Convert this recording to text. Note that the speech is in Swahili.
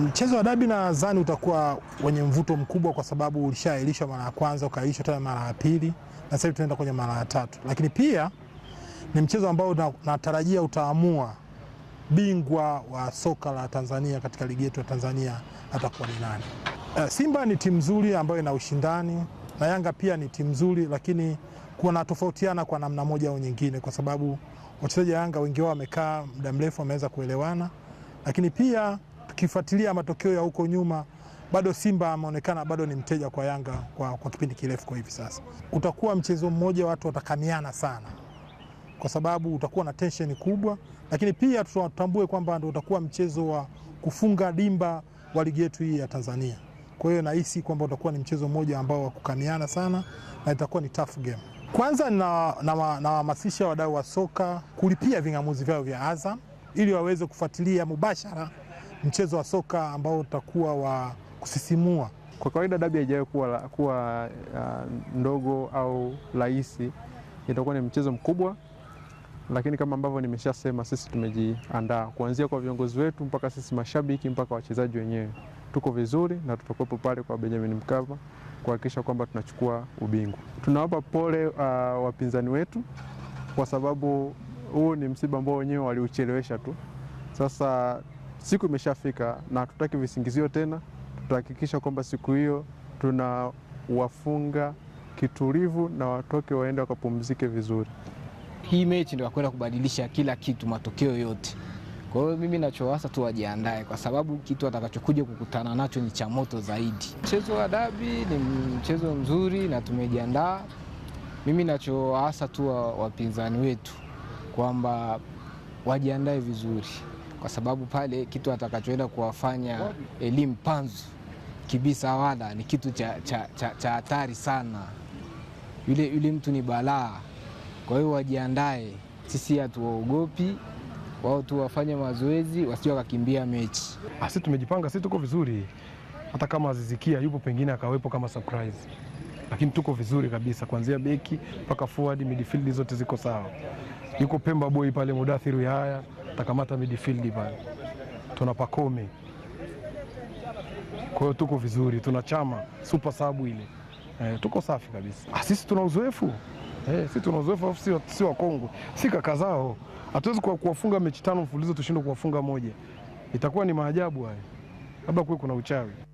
Mchezo wa dabi nadhani utakuwa wenye mvuto mkubwa kwa sababu ulishaahirishwa mara ya kwanza, ukaahirishwa tena mara ya pili, na sasa tunaenda kwenye mara ya tatu. Lakini pia ni mchezo ambao natarajia utaamua bingwa wa soka la Tanzania katika ligi yetu ya Tanzania atakuwa ni nani. Eh, Simba ni timu nzuri ambayo ina ushindani na Yanga pia ni timu nzuri, lakini kuna tofautiana kwa namna moja au nyingine, kwa sababu wachezaji wa Yanga wengi wao wamekaa muda mrefu, wameweza kuelewana, lakini pia ukifuatilia matokeo ya huko nyuma bado Simba ameonekana bado ni mteja kwa Yanga kwa, kwa kipindi kirefu. Kwa hivi sasa utakuwa mchezo mmoja watu watakamiana sana, kwa sababu utakuwa na tension kubwa, lakini pia tutambue kwamba ndio utakuwa mchezo wa kufunga dimba wa ligi yetu hii ya Tanzania. Kwa hiyo nahisi kwamba utakuwa ni mchezo mmoja ambao wa wakukamiana sana na itakuwa ni tough game. Kwanza nawahamasisha na, na wadau wa soka kulipia ving'amuzi vyao vya Azam ili waweze kufuatilia mubashara mchezo wa soka ambao utakuwa wa kusisimua. Kwa kawaida dabi haijawahi kuwa, kuwa uh, ndogo au rahisi. Itakuwa ni mchezo mkubwa, lakini kama ambavyo nimeshasema, sisi tumejiandaa kuanzia kwa viongozi wetu mpaka sisi mashabiki mpaka wachezaji wenyewe, tuko vizuri na tutakuwepo pale kwa Benjamin Mkapa kuhakikisha kwamba tunachukua ubingwa. Tunawapa pole uh, wapinzani wetu kwa sababu huu ni msiba ambao wenyewe waliuchelewesha tu. Sasa siku imeshafika na hatutaki visingizio tena. Tutahakikisha kwamba siku hiyo tunawafunga kitulivu na watoke waende wakapumzike vizuri. Hii mechi ndio kwenda kubadilisha kila kitu, matokeo yote. Kwa hiyo mimi nachowasa tu wajiandae, kwa sababu kitu atakachokuja kukutana nacho ni cha moto zaidi. Mchezo wa dabi ni mchezo mzuri na tumejiandaa. Mimi nachowaasa tu wapinzani wetu kwamba wajiandae vizuri kwa sababu pale kitu atakachoenda kuwafanya elimu eh, panzu kibisa wala ni kitu cha hatari cha, cha sana. Yule, yule mtu ni balaa, kwa hiyo wajiandae. Sisi hatuwaogopi wao tu wafanye mazoezi, wasio wakakimbia mechi. Asi ah, tumejipanga, si tuko vizuri, hata kama azizikia yupo pengine akawepo kama surprise, lakini tuko vizuri kabisa, kuanzia beki mpaka forward midfield zote ziko sawa. Yuko Pemba Boy pale, Mudathiri haya takamata midfield pale, tuna Pakome. Kwa hiyo tuko vizuri, tuna Chama super sabu ile e, tuko safi kabisa. Ah, sisi tuna uzoefu e, sisi tuna uzoefu, si wa Kongo, si kaka zao. Hatuwezi kuwafunga mechi tano mfululizo tushindwe kuwafunga moja, itakuwa ni maajabu haya, labda kuwe kuna uchawi.